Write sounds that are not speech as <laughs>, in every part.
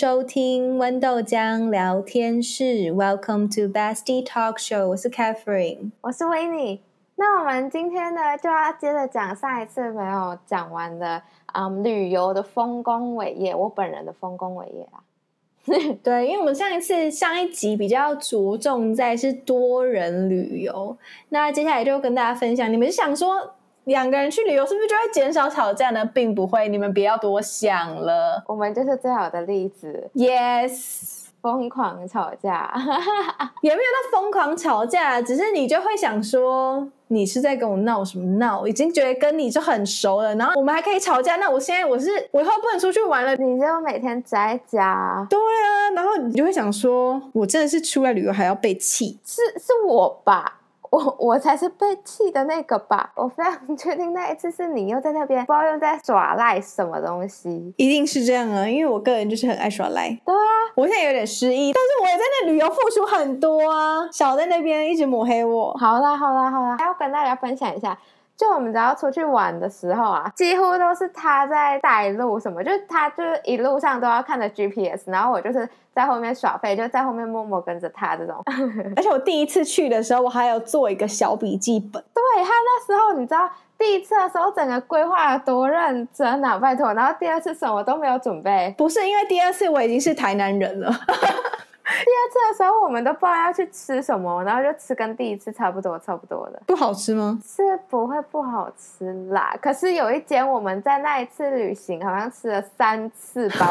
收聽溫逗江聊天室，Welcome to Bestie Talk Show。我是 Catherine，我是 Winnie。那我們今天呢，就要接着講上一次沒有講完的，嗯，旅遊的豐功偉業，我本人的豐功偉業啊。 <laughs> 對，因為我們上一次上一集比較着重在是多人旅遊，那接下來就跟大家分享，你們想說，兩個人去旅遊是不是就會減少吵架呢？並不會，你們不要多想了。我們就是最好的例子。Yes，瘋狂吵架，有 <laughs> 沒有那瘋狂吵架？只是你就會想說，你是在跟我鬧我什麼鬧？我已經覺得跟你就很熟了，然後我們還可以吵架。那我現在我是，我以後不能出去玩了，你就每天宅在家。對啊，然後你就會想說，我真的是出來旅遊還要被氣？是是我吧？我我才是被氣的那個吧，我非常確定那一次是你又在那邊不知道又在耍賴什麼東西，一定是這樣啊，因為我個人就是很愛耍賴。對啊，我現在有點失憶，但是我也在那旅遊付出很多啊，少在那邊一直抹黑我。好啦好啦好啦，還要跟大家分享一下。就我們只要出去玩的時候啊，幾乎都是他在帶路，什麼就是他就是一路上都要看着 GPS，然後我就是在後面耍廢，就在後面默默跟着他這種。 <laughs> 而且我第一次去的時候，我還有做一個小筆記本。對，他那時候你知道，第一次的時候整個規劃多認真啊，拜托。然後第二次什麼都沒有準備，不是，因為第二次我已經是台南人了。 <laughs> 第二次的時候，我們都不知道要去吃什麼，然後就吃跟第一次差不多差不多的。不好吃嗎？是不會不好吃啦，可是有一間我們在那一次旅行好像吃了三次吧，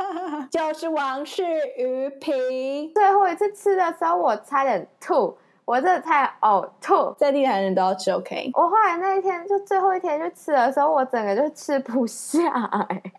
<laughs> 就是王氏魚皮。最後一次吃的時候，我差點吐，我真的太嘔、哦、吐。在地台人都要吃 OK。我後來那一天就最後一天去吃的時候，我整個就吃不下哎、欸。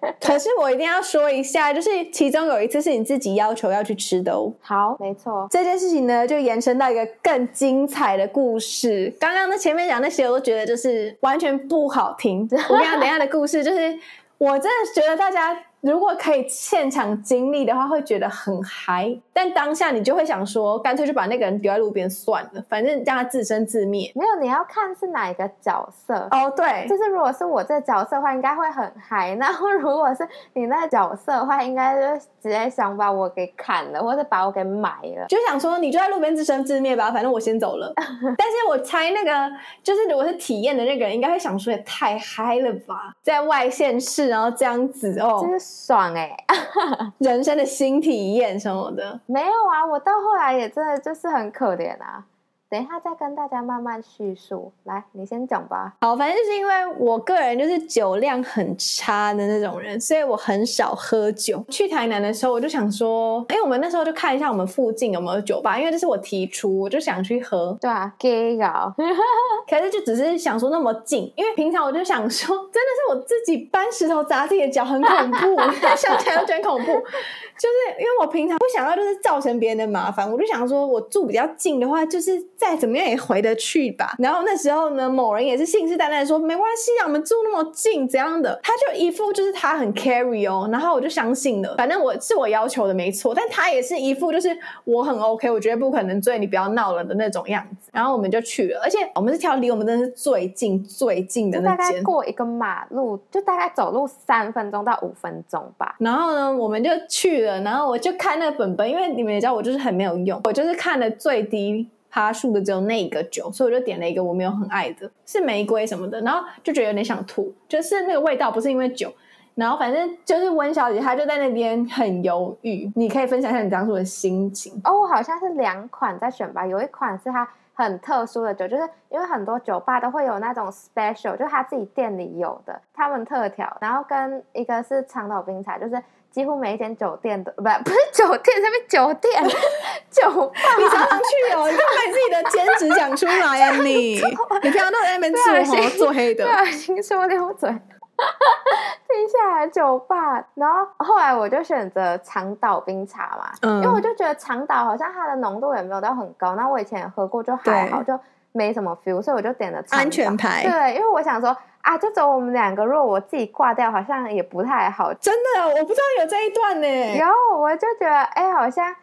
<laughs> 可是我一定要說一下，就是其中有一次是你自己要求要去吃的哦。好，沒錯，這件事情呢就延伸到一個更精彩的故事。剛剛那前面講那些，我都覺得就是完全不好聽。 <laughs> 我等一下的故事，就是我真的覺得大家。如果可以現場經歷的話，會覺得很嗨。但當下你就會想說，乾脆就把那個人丟在路邊算了，反正讓他自生自滅。沒有，你要看是哪一個角色哦。對，就是如果是我這角色的話，應該會很嗨。然後如果是你那角色的話，應該就直接想把我給砍了，或者把我給埋了。就想說，你就在路邊自生自滅吧，反正我先走了。 <laughs> 但是我猜那個就是，如果是體驗的那個人，應該會想說，也太嗨了吧，在外縣市，然後這樣子哦。就是爽哎，欸， <laughs> 人生的新體驗什麼的，沒有啊。我到後來也真的就是很可憐啊。等一下再跟大家慢慢敘述，來，你先講吧。好，反正就是因為我個人就是酒量很差的那種人，所以我很少喝酒。去台南的時候，我就想說，哎，我們那時候就看一下我們附近有沒有酒吧，因為這是我提出，我就想去喝。對啊，gay 狗， <laughs> 可是就只是想說那麼近，因為平常我就想說，真的是我自己搬石頭砸自己的腳，很恐怖。 <laughs> 想起來就覺得恐怖。 <laughs> 就是因為我平常不想要，就是造成別人的麻煩，我就想說，我住比較近的話，就是再怎麼樣也回得去吧。然後那時候呢，某人也是信誓旦旦說沒關係，啊，我們住那麼近，怎樣的？他就一副就是他很 carry 哦，然後我就相信了。反正我是我要求的沒錯，但他也是一副就是我很 OK，我覺得不可能醉，所以你不要鬧了的那種樣子。然後我們就去了，而且我們是挑離我們真的是最近最近的那間，大概過一個馬路就大概走路三分鐘到五分鐘吧。然後呢，我們就去了。然後我就看那個本本，因為你們也知道我就是很沒有用，我就是看了最低趴數的只有那一個酒，所以我就點了一個我沒有很愛的，是玫瑰什麼的，然後就覺得有點想吐，就是那個味道不是因為酒。然後反正就是溫小姐她就在那邊很猶豫，你可以分享一下你當時的心情？哦，我好像是兩款在選吧，有一款是它很特殊的酒，就是因為很多酒吧都會有那種 special，就是他自己店裡有的，他們特調，然後跟一個是長島冰茶，就是。幾乎每一間酒店都不是，不是酒店，什麼酒店？ <laughs> 酒吧你常常去哦！你把你自己的兼職講出來啊你！ <laughs> 啊你你平常都 AMZ 做黑的，對啊，心說溜嘴。 <laughs> 接下來酒吧，然後後來我就選擇長島冰茶嘛，嗯、因為我就覺得長島好像它的濃度也沒有到很高，那我以前也喝過就還好，好就。沒什麼 feel，所以我就點了安全牌。對，因為我想說啊，就種我們兩個，如果我自己掛掉，好像也不太好。真的，我不知道有這一段呢。然後我就覺得，哎、欸，好像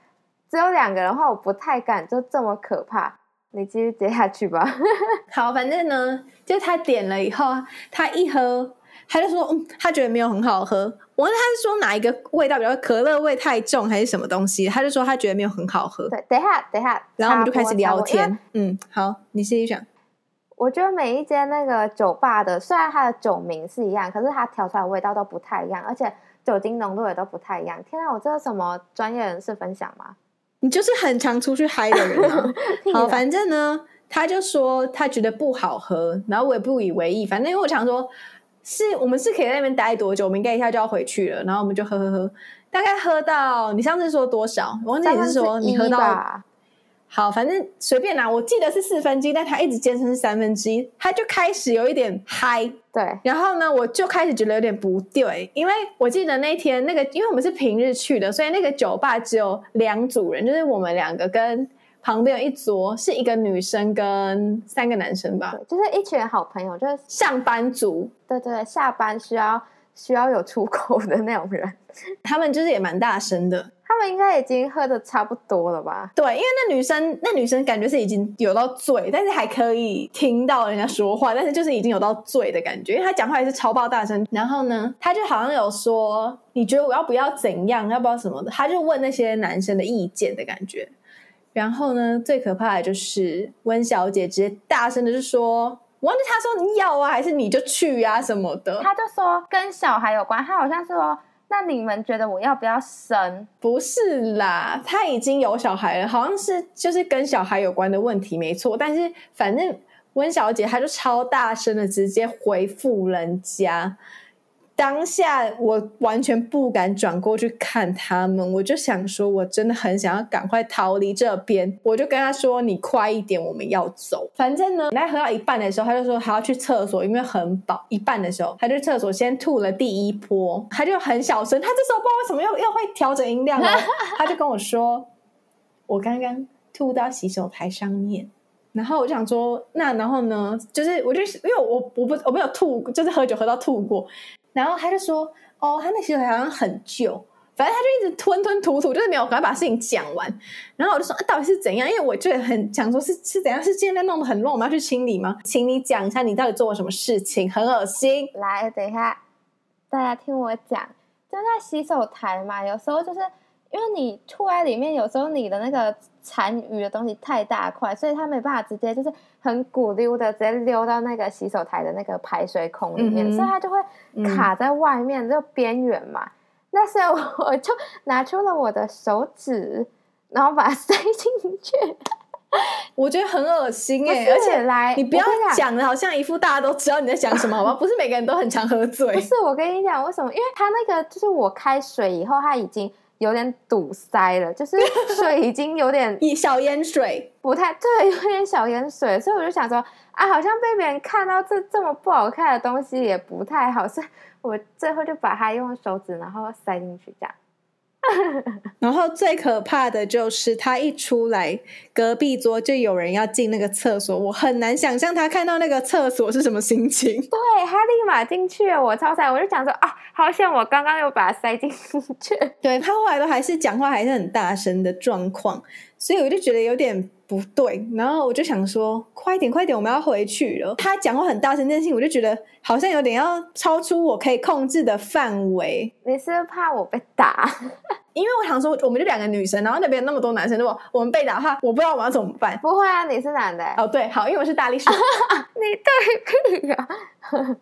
只有兩個人的話，我不太敢就這麼可怕。你繼續接下去吧。 <laughs> 好，反正呢，就他點了以後，他一喝。他就說，嗯，他覺得沒有很好喝。我問他是說哪一個味道比如說，可樂味太重還是什麼東西？他就說他覺得沒有很好喝。對，等一下，等一下，然後我們就開始聊天。啊、為嗯，好，你先下，我覺得每一間那個酒吧的，雖然它的酒名是一樣，可是它調出來的味道都不太一樣，而且酒精濃度也都不太一樣。天啊，我這是什麼專業人士分享嗎？你就是很常出去嗨的人，啊。 <laughs> 好，反正呢，他就說他覺得不好喝，然後我也不以為意。反正因為我常說。是我們是可以在那邊待多久？我們應該一下就要回去了，然後我們就喝喝喝，大概喝到你上次說多少？我忘記你是說你喝到。好，反正隨便拿。我記得是四分之一，但他一直堅稱是三分之一，他就開始有一點嗨。對，然後呢，我就開始覺得有點不對，因為我記得那天那個，因為我們是平日去的，所以那個酒吧只有兩組人，就是我們兩個跟。旁邊有一桌是一個女生跟三個男生吧，就是一群好朋友，就是上班族。對，對對，下班需要需要有出口的那種人，他們就是也蠻大聲的。他們應該已經喝的差不多了吧？對，因為那女生那女生感覺是已經有到醉，但是還可以聽到人家說話，但是就是已經有到醉的感覺，因為她講話也是超爆大聲。然後呢，她就好像有說，你覺得我要不要怎樣，要不要什麼的，她就問那些男生的意見的感覺。然後呢，最可怕的就是溫小姐直接大聲的就說：“我問她，說你要啊，還是你就去呀、啊、什麼的？”她就說跟小孩有關。她好像是說：“那你們覺得我要不要生？”不是啦，她已經有小孩了，好像是就是跟小孩有關的問題沒錯。但是反正溫小姐她就超大聲的直接回復人家。當下我完全不敢轉過去看他們，我就想說，我真的很想要趕快逃離這邊。我就跟他說：“你快一點，我們要走。”反正呢，來喝到一半的時候，他就說他要去廁所，因為很飽。一半的時候，他就去廁所先吐了第一波，他就很小聲。他這時候不知道為什麼又又會調整音量呢 <laughs> 他就跟我說：“我剛剛吐到洗手台上面。”然後我就想說，那然後呢？就是我就因為我我不我沒有吐，就是喝酒喝到吐過。然後他就說：“哦，他那洗手台好像很舊，反正他就一直吞吞吐吐，就是沒有趕快把事情講完。”然後我就說：“啊，到底是怎樣？因為我就很想說是，是是怎樣？是現在弄得很亂，我們要去清理嗎？請你講一下，你到底做了什麼事情？很惡心。”來，等一下，大家聽我講，就在洗手台嘛，有時候就是。因為你出來裡面，有時候你的那個殘餘的東西太大塊，所以它沒辦法直接就是很鼓溜的直接溜到那個洗手台的那個排水孔裡面，嗯嗯，所以它就會卡在外面這個、嗯、邊緣嘛。那時候我就拿出了我的手指，然後把它塞進去。我覺得很噁心哎、欸，是而且來，你不要講的好像一副大家都知道你在講什麼， <laughs> 好不好？不是每個人都很常喝醉。不是我跟你講為什麼？因為他那個就是我開水以後，他已經。有點堵塞了，就是水已經有點 <laughs> 小淹水，不太對，有點小淹水，所以我就想說，啊，好像被別人看到這這麼不好看的東西也不太好，所以我最後就把它用手指然後塞進去，這樣。 <laughs> 然後最可怕的就是他一出來，隔壁桌就有人要進那個廁所，我很難想象他看到那個廁所是什麼心情。對，他立馬進去了，我超慘。我就想說啊，好像我剛剛又把他塞進去。 <laughs> 對他後來都還是講話還是很大聲的狀況，所以我就覺得有點不對。然後我就想說，快點快點，我們要回去了。他講話很大聲，這件事情我就覺得好像有點要超出我可以控制的範圍。你是不是怕我被打？ <laughs> 因為我想說，我們就兩個女生，然後那邊那麼多男生，如果我們被打的話，我不知道我們要怎麼辦。不會啊，你是男的哦。對，好，因為我是大力士。啊啊、你對啊，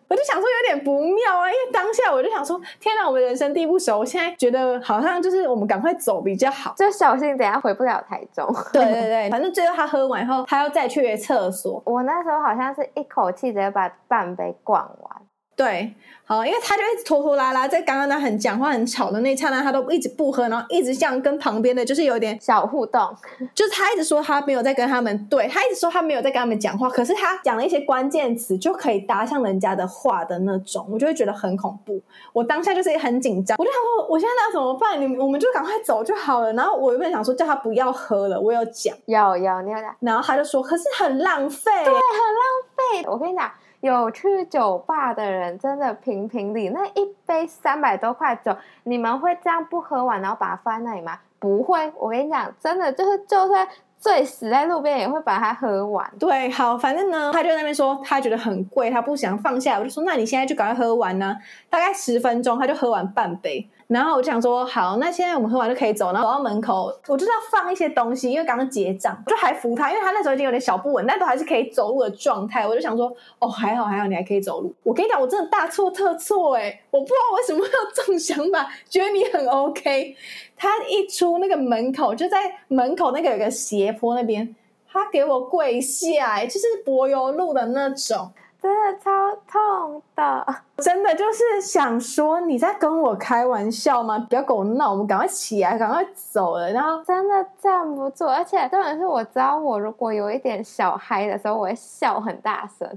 我就想說有點不妙啊，因為當下我就想說，天哪，我們人生地不熟，我現在覺得好像就是我們趕快走比較好，就小心等一下回不了台中。對，嗎對對對，反正最後他喝完以後，他要再去廁所。我那時候好像是一口氣直接把半杯灌完。對，好，因為他就一直拖拖拉拉，在剛剛他很講話、很吵的那一剎那，他都一直不喝，然後一直像跟旁邊的就是有一點小互動，就是他一直說他沒有在跟他們對，他一直說他沒有在跟他們講話，可是他講了一些關鍵詞就可以搭上人家的話的那種，我就會覺得很恐怖。我當下就是很緊張，我就想說我現在要怎麼辦？你們我們就趕快走就好了。然後我原本想說叫他不要喝了，我有講，要要，你要，然後他就說，可是很浪費，對，很浪費。我跟你講。有去酒吧的人，真的評評理，那一杯三百多塊酒，你們會這樣不喝完，然後把它放在那裡嗎？不會，我跟你講，真的就是就算醉死在路邊，也會把它喝完。對，好，反正呢，他就在那邊說他覺得很貴，他不想放下，我就說那你現在就趕快喝完呢，啊，大概十分鐘他就喝完半杯。然後我就想說，好，那現在我們喝完就可以走。然後走到門口，我就是要放一些東西，因為剛剛結賬，我就還扶他，因為他那時候已經有點小不穩，但都還是可以走路的狀態。我就想說，哦，還好還好，你還可以走路。我跟你講，我真的大錯特錯欸！我不知道為什麼會有這種想法，覺得你很 OK。他一出那個門口，就在門口那個有個斜坡那邊，他給我跪下欸，就是柏油路的那種。真的超痛的，真的就是想說你在跟我開玩笑嗎？不要跟我鬧，我們趕快起來、啊，趕快走了。然後真的站不住，而且特別是我知道我如果有一點小嗨的時候，我會笑很大聲，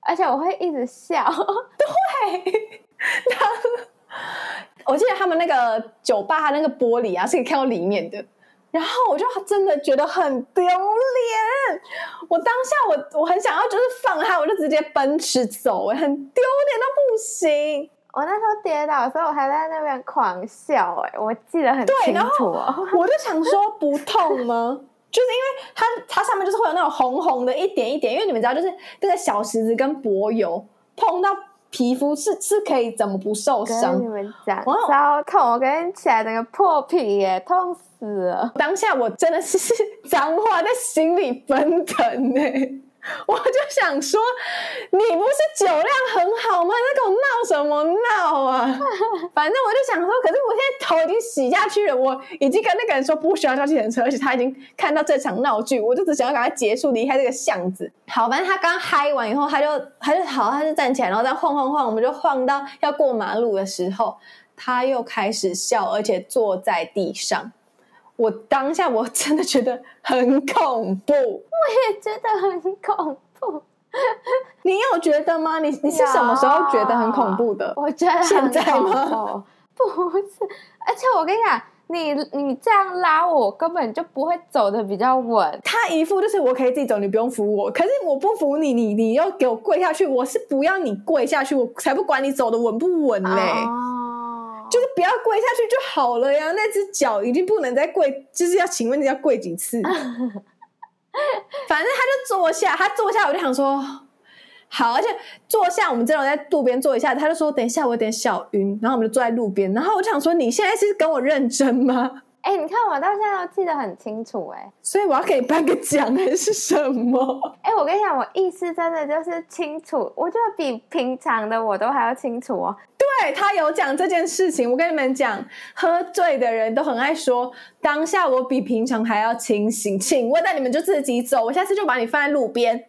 而且我會一直笑。 <laughs> 對， <laughs> 然後我記得他們那個酒吧，他那個玻璃啊是可以看到裡面的。然後我就真的覺得很丟臉，我當下我我很想要就是放它，我就直接奔馳走，很丟臉到不行。我那時候跌倒的時候，我還在那邊狂笑、欸，我記得很清楚。對，然後我就想說不痛嗎？ <laughs> 就是因為它它上面就是會有那種紅紅的，一點一點。因為你們知道，就是那個小石子跟柏油碰到皮膚是是可以怎麼不受傷？跟你們講，我超痛，我跟起來整個破皮、欸，痛死。是啊，當下我真的是髒話在心裡奔騰呢、欸， <laughs> 我就想說，你不是酒量很好嗎？在跟我鬧什麼鬧啊？ <laughs> 反正我就想說，可是我現在頭已經洗下去了，我已經跟那個人說不需要叫計程車，而且他已經看到這場鬧劇，我就只想要趕快結束，離開這個巷子。好，反正他剛嗨完以後，他就他就好，他就站起來，然後再晃晃晃，我們就晃到要過馬路的時候，他又開始笑，而且坐在地上。我當下我真的覺得很恐怖，我也覺得很恐怖。 <laughs> 你有覺得嗎？你你是什麼時候覺得很恐怖的？我覺得很恐怖。現在嗎？不是，而且我跟你講，你你這樣拉我根本就不會走的比較穩。他一副就是我可以自己走，你不用扶我。可是我不扶你，你你又給我跪下去。我是不要你跪下去，我才不管你走的穩不穩嘞、欸。Oh. 就是不要跪下去就好了呀，那只腳已經不能再跪，就是要請問你要跪幾次？ <laughs> 反正他就坐下，他坐下我就想說，好，而且坐下，我們這種在路邊坐一下，他就說等一下我有點小暈，然後我們就坐在路邊，然後我就想說你現在是跟我認真嗎？哎、欸，你看我到現在都記得很清楚，欸，哎，所以我要給你頒個獎還是什麼？哎、欸，我跟你講，我意思真的就是清楚，我就比平常的我都還要清楚哦。對，他有講這件事情，我跟你們講，喝醉的人都很愛說，當下我比平常還要清醒，請問那你們就自己走，我下次就把你放在路邊。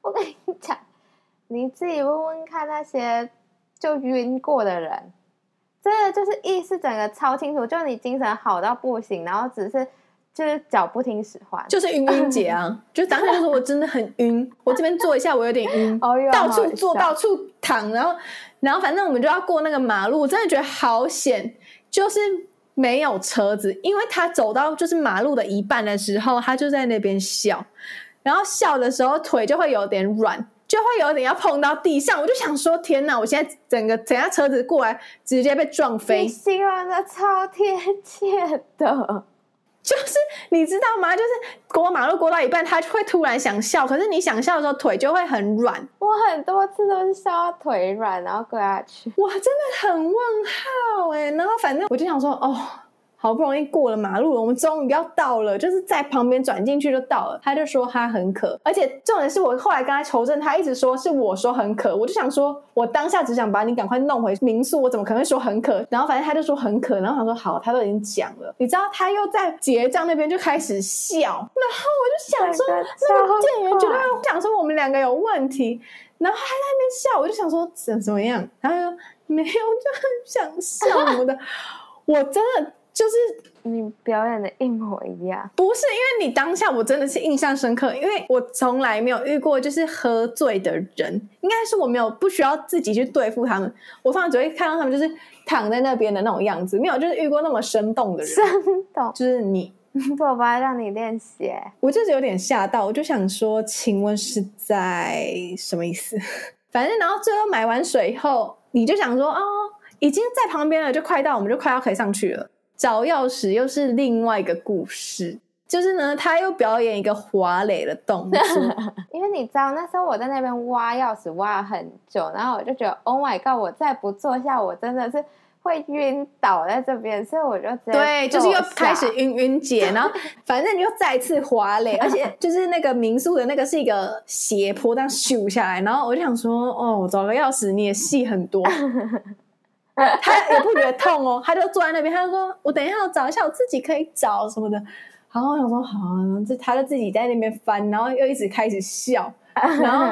我跟你講，你自己問問看那些就暈過的人。對，就是意識整個超清楚，就你精神好到不行，然後只是就是腳不聽使喚，就是暈暈姐啊！ <laughs> 就當時就是我真的很暈， <laughs> 我這邊坐一下，我有點暈，oh, yeah, 到處坐 <laughs> 到處躺，然後然後反正我們就要過那個馬路，我真的覺得好險，就是沒有車子，因為他走到就是馬路的一半的時候，他就在那邊笑，然後笑的時候腿就會有點軟。就會有點要碰到地上，我就想說天哪！我現在整個整輛車子過來，直接被撞飛。你形容的超貼切的，就是你知道嗎？就是過馬路過到一半，他就會突然想笑，可是你想笑的時候腿就會很軟。我很多次都是笑到腿軟，然後跪下去。哇，真的很問號哎、欸！然後反正我就想說哦。好不容易過了馬路了，我們終於要到了，就是在旁邊轉進去就到了。他就說他很渴，而且重點是我後來跟他求證，他一直說是我說很渴。我就想說，我當下只想把你趕快弄回民宿，我怎麼可能會說很渴？然後反正他就說很渴，然後他說好，他都已經講了。你知道他又在結賬那邊就開始笑，然後我就想說，那個店員絕對會講說我們兩個有問題，然後還在那邊笑，我就想說怎怎麼樣？然後就說沒有，就很想笑什麼的， <laughs> 我真的。就是你表演的一模一樣，不是因為你當下我真的是印象深刻，因為我從來沒有遇過就是喝醉的人，應該是我沒有不需要自己去對付他們，我通常只會看到他們就是躺在那邊的那種樣子，沒有就是遇過那麼生動的人，生動就是你爸爸讓你練習，我就是有點嚇到，我就想說，請問是在什麼意思？反正然後最後買完水以後，你就想說哦，已經在旁邊了，就快到，我們就快要可以上去了。找鑰匙又是另外一個故事，就是呢，他又表演一個滑壘的動作。因為你知道，那時候我在那邊挖鑰匙挖了很久，然後我就覺得，Oh my god，我再不坐下，我真的是會暈倒在這邊。所以我就直接對，就是又開始暈暈姐，然後反正你又再次滑壘，而且就是那個民宿的那個是一個斜坡，這樣咻下來，然後我就想說，哦，我找個鑰匙，你也戲很多。他 <laughs> 也不覺得痛哦，他就坐在那邊，他就說：“我等一下我找一下，我自己可以找什麼的。”然後我想說：“好啊，然後他就自己在那邊翻，然後又一直開始笑。”然後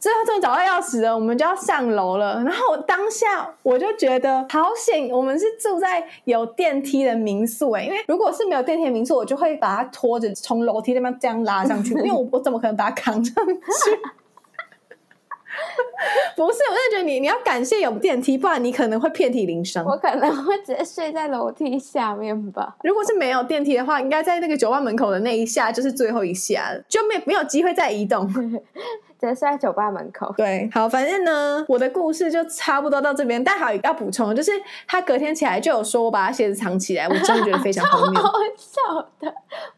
最後終於找到鑰匙了，我們就要上樓了。然後當下我就覺得好險，我們是住在有電梯的民宿誒、欸、因為如果是沒有電梯的民宿，我就會把他拖着從樓梯那邊這樣拉上去， <laughs> 因為我我怎麼可能把他扛上去？ <laughs> <laughs> 不是，我就覺得你，你要感謝有電梯，不然你可能會遍體鱗傷。我可能會直接睡在樓梯下面吧。如果是沒有電梯的話，應該在那個酒吧門口的那一下，就是最後一下，就沒沒有機會再移動。 <laughs> 直接塞在酒吧門口，對，好，反正呢，我的故事就差不多到這邊。但還要補充，就是他隔天起來就有說，我把他鞋子藏起來，我真的覺得非常 <laughs> 我好笑的。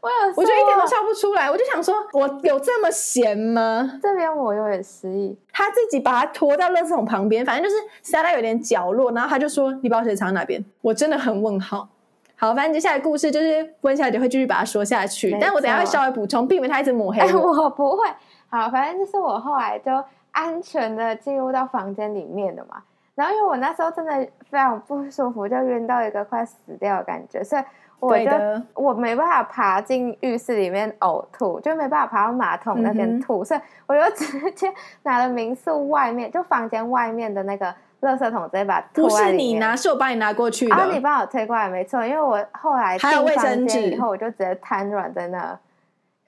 我有，我就一點都笑不出來。我就想說，我有這麼閒嗎？這邊我有點失憶，他自己把他拖到垃圾桶旁邊，反正就是塞到有點角落。然後他就說：“你把我鞋子藏在哪邊？”我真的很問號。好，反正接下來故事就是溫小姐會繼續把他說下去，錯但我等下會稍微補充，避免他一直抹黑我。哎、我不會。好，反正就是我後來就安全的進入到房間裡面的嘛。然後因為我那時候真的非常不舒服，就暈到一個快死掉的感覺，所以我就的我沒辦法爬進浴室裡面嘔吐，就沒辦法爬到馬桶那邊吐，嗯、哼所以我就直接拿了民宿外面就房間外面的那個垃圾桶，直接把吐在裡面。不是你拿，是我幫你拿過去的。然後、啊、你幫我推過來，沒錯，因為我後來進衛生間以後，我就直接癱軟在那兒。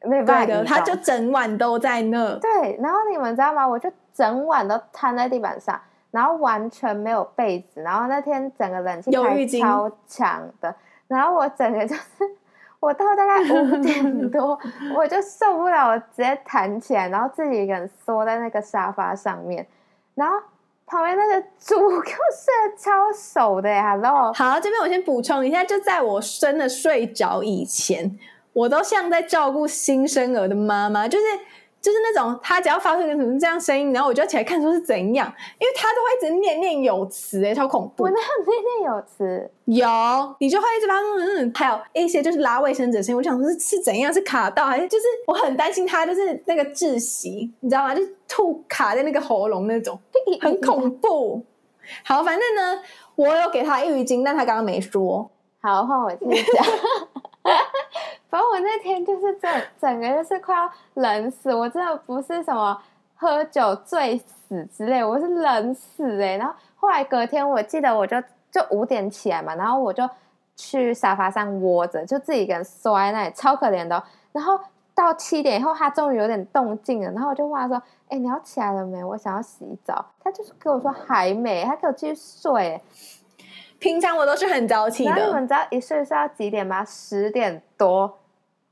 沒辦法，對的，他就整晚都在那。對，然後你們知道嗎？我就整晚都癱在地板上，然後完全沒有被子，然後那天整個冷氣超強的，然後我整個就是，我到大概五點多， <laughs> 我就受不了，我直接彈起來，然後自己一個人縮在那個沙發上面，然後旁邊那個豬又是超熟的呀，然後好，這邊我先補充一下，就在我真的睡着以前。我都像在照顧新生兒的媽媽，就是就是那種，他只要發出一個什麼這樣聲音，然後我就要起來看說是怎樣，因為他都會一直念念有詞，哎，超恐怖。我那樣子念念有詞，有，你就會一直發出嗯嗯，還有一些就是拉衛生紙的聲音，我想說是是怎樣，是卡到還是就是我很擔心他就是那個窒息，你知道嗎？就是、吐卡在那個喉嚨那種，很恐怖。好，反正呢，我有給他浴巾，但他剛剛沒說。好，換我聽一下。 <laughs> 然後我那天就是整整個就是快要冷死，我真的不是什麼喝酒醉死之類，我是冷死哎、欸。然後後來隔天，我記得我就就五點起來嘛，然後我就去沙發上窩着，就自己一個人摔在那裡，超可憐的、哦。然後到七點以後，他終於有點動靜了，然後我就問他說：“哎、欸，你要起來了沒？我想要洗澡。”他就是跟我說：“還沒。”他給我繼續睡、欸。平常我都是很早起的，你們知道一睡是要幾點嗎？十點多。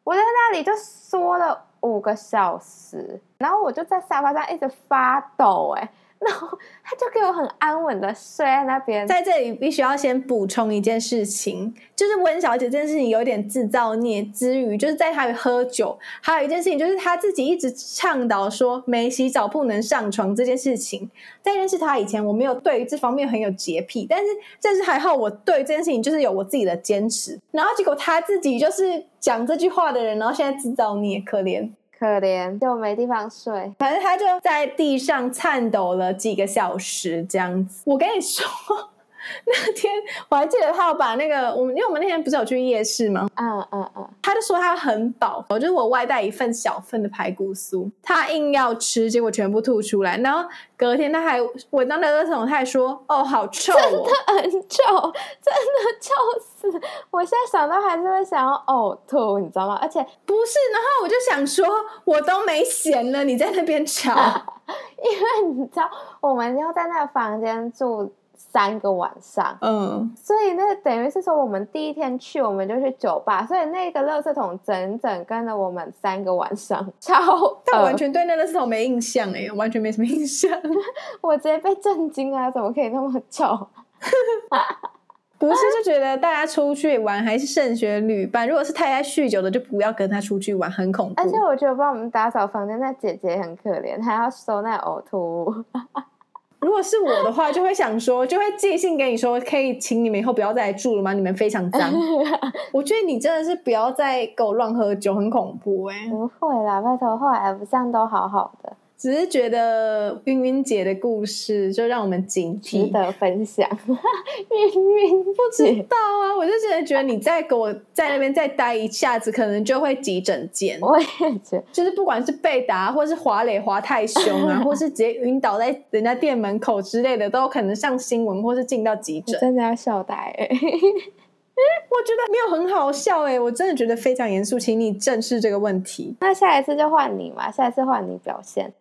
我在那裡就縮了五個小時，然後我就在沙發上一直發抖、欸，哎。然後、no, 他就給我很安穩的睡在那邊。在這裡必須要先補充一件事情，就是溫小姐這件事情有點自造孽之餘，就是在他喝酒，還有一件事情就是他自己一直倡導說沒洗澡不能上床這件事情。在認識他以前，我沒有對於這方面很有潔癖，但是這次還好，我對這件事情就是有我自己的堅持。然後結果他自己就是講這句話的人，然後現在自造孽，可憐。可憐就沒地方睡，反正他就在地上顫抖了幾個小時這樣子。我跟你說。那天我還記得，他有把那個我們，因為我們那天不是有去夜市嗎？啊啊啊！嗯嗯、他就說他很飽，我就是、我外帶一份小份的排骨酥，他硬要吃，結果全部吐出來。然後隔天他還聞到那個時候，他還說：“哦，好臭、哦，真的很臭，真的臭死！”我現在想到還是會想要嘔吐，你知道嗎？而且不是，然後我就想說，我都沒錢了，你在那邊吵、啊，因為你知道，我們要在那個房間住。三個晚上，嗯，所以那等於是說，我們第一天去我們就去酒吧，所以那個垃圾桶整整跟了我們三個晚上，超，他完全對那個垃圾桶沒印象哎，嗯、完全沒什麼印象， <laughs> 我直接被震驚啊！怎麼可以那麼醜？ <laughs> 不是就覺得大家出去玩還是慎選旅伴，如果是太愛酗酒的，就不要跟他出去玩，很恐怖。而且我覺得幫我們打掃房間那姐姐很可憐，還要收那嘔吐物。 <laughs> 如果是我的話，就會想說，就會寄信給你說，可以請你們以後不要再來住了嗎？你們非常髒。 <laughs> 我覺得你真的是不要再給我亂喝酒，很恐怖哎、欸。不會啦，拜託，後來不像都好好的。只是覺得暈暈姐的故事就讓我們警惕，值得分享。暈暈不知道啊， <laughs> 暈暈我就真的，覺得你再給我在那邊再待一下子，可能就會急診見。我也覺得，就是不管是被打，或是滑壘滑太兇啊， <laughs> 或是直接暈倒在人家店門口之類的，都可能上新聞或是進到急診。真的要笑呆、欸？ <laughs> 我覺得沒有很好笑誒、欸，我真的覺得非常嚴肅，請你正視這個問題。那下一次就換你嘛，下一次換你表現。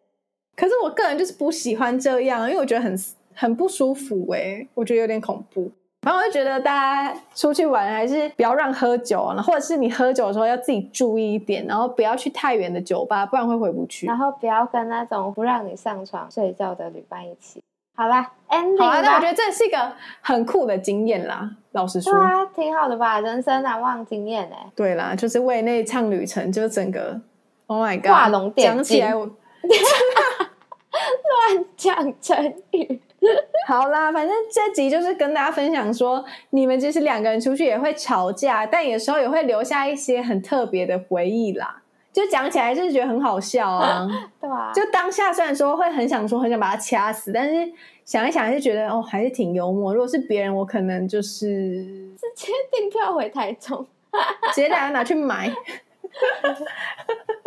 可是我個人就是不喜歡這樣，因為我覺得很很不舒服哎、欸，我覺得有點恐怖。然後我就覺得大家出去玩還是不要讓喝酒，或者是你喝酒的時候要自己注意一點，然後不要去太遠的酒吧，不然會回不去。然後不要跟那種不讓你上床睡覺的旅伴一起。好，啦好、啊、吧 Andy 我覺得這是一個很酷的經驗啦，老實說、啊，挺好的吧，人生難、啊、忘經驗哎、欸。對啦，就是為那趟旅程，就是整個，Oh my God，畫龍點睛，講起來我。 <laughs> 亂講成語， <laughs> 好啦，反正這集就是跟大家分享說，你們其實兩個人出去也會吵架，但有時候也會留下一些很特別的回憶啦。就講起來就是覺得很好笑啊，啊對吧、啊？就當下雖然說會很想說很想把它掐死，但是想一想就覺得哦，還是挺幽默。如果是別人，我可能就是直接訂票回台中， <laughs> 直接把它拿去買。 <laughs> <laughs>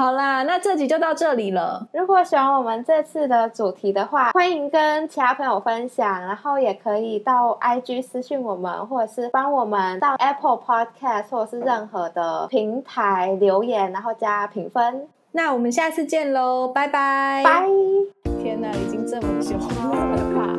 好啦，那這集就到這裡了。如果喜歡我們這次的主題的話，歡迎跟其他朋友分享，然後也可以到 I G 私訊我們，或者是幫我們到 Apple Podcast 或者是任何的平台留言，然後加評分。那我們下次見嘍，拜拜拜！Bye 天哪，已經這麼久，好可怕。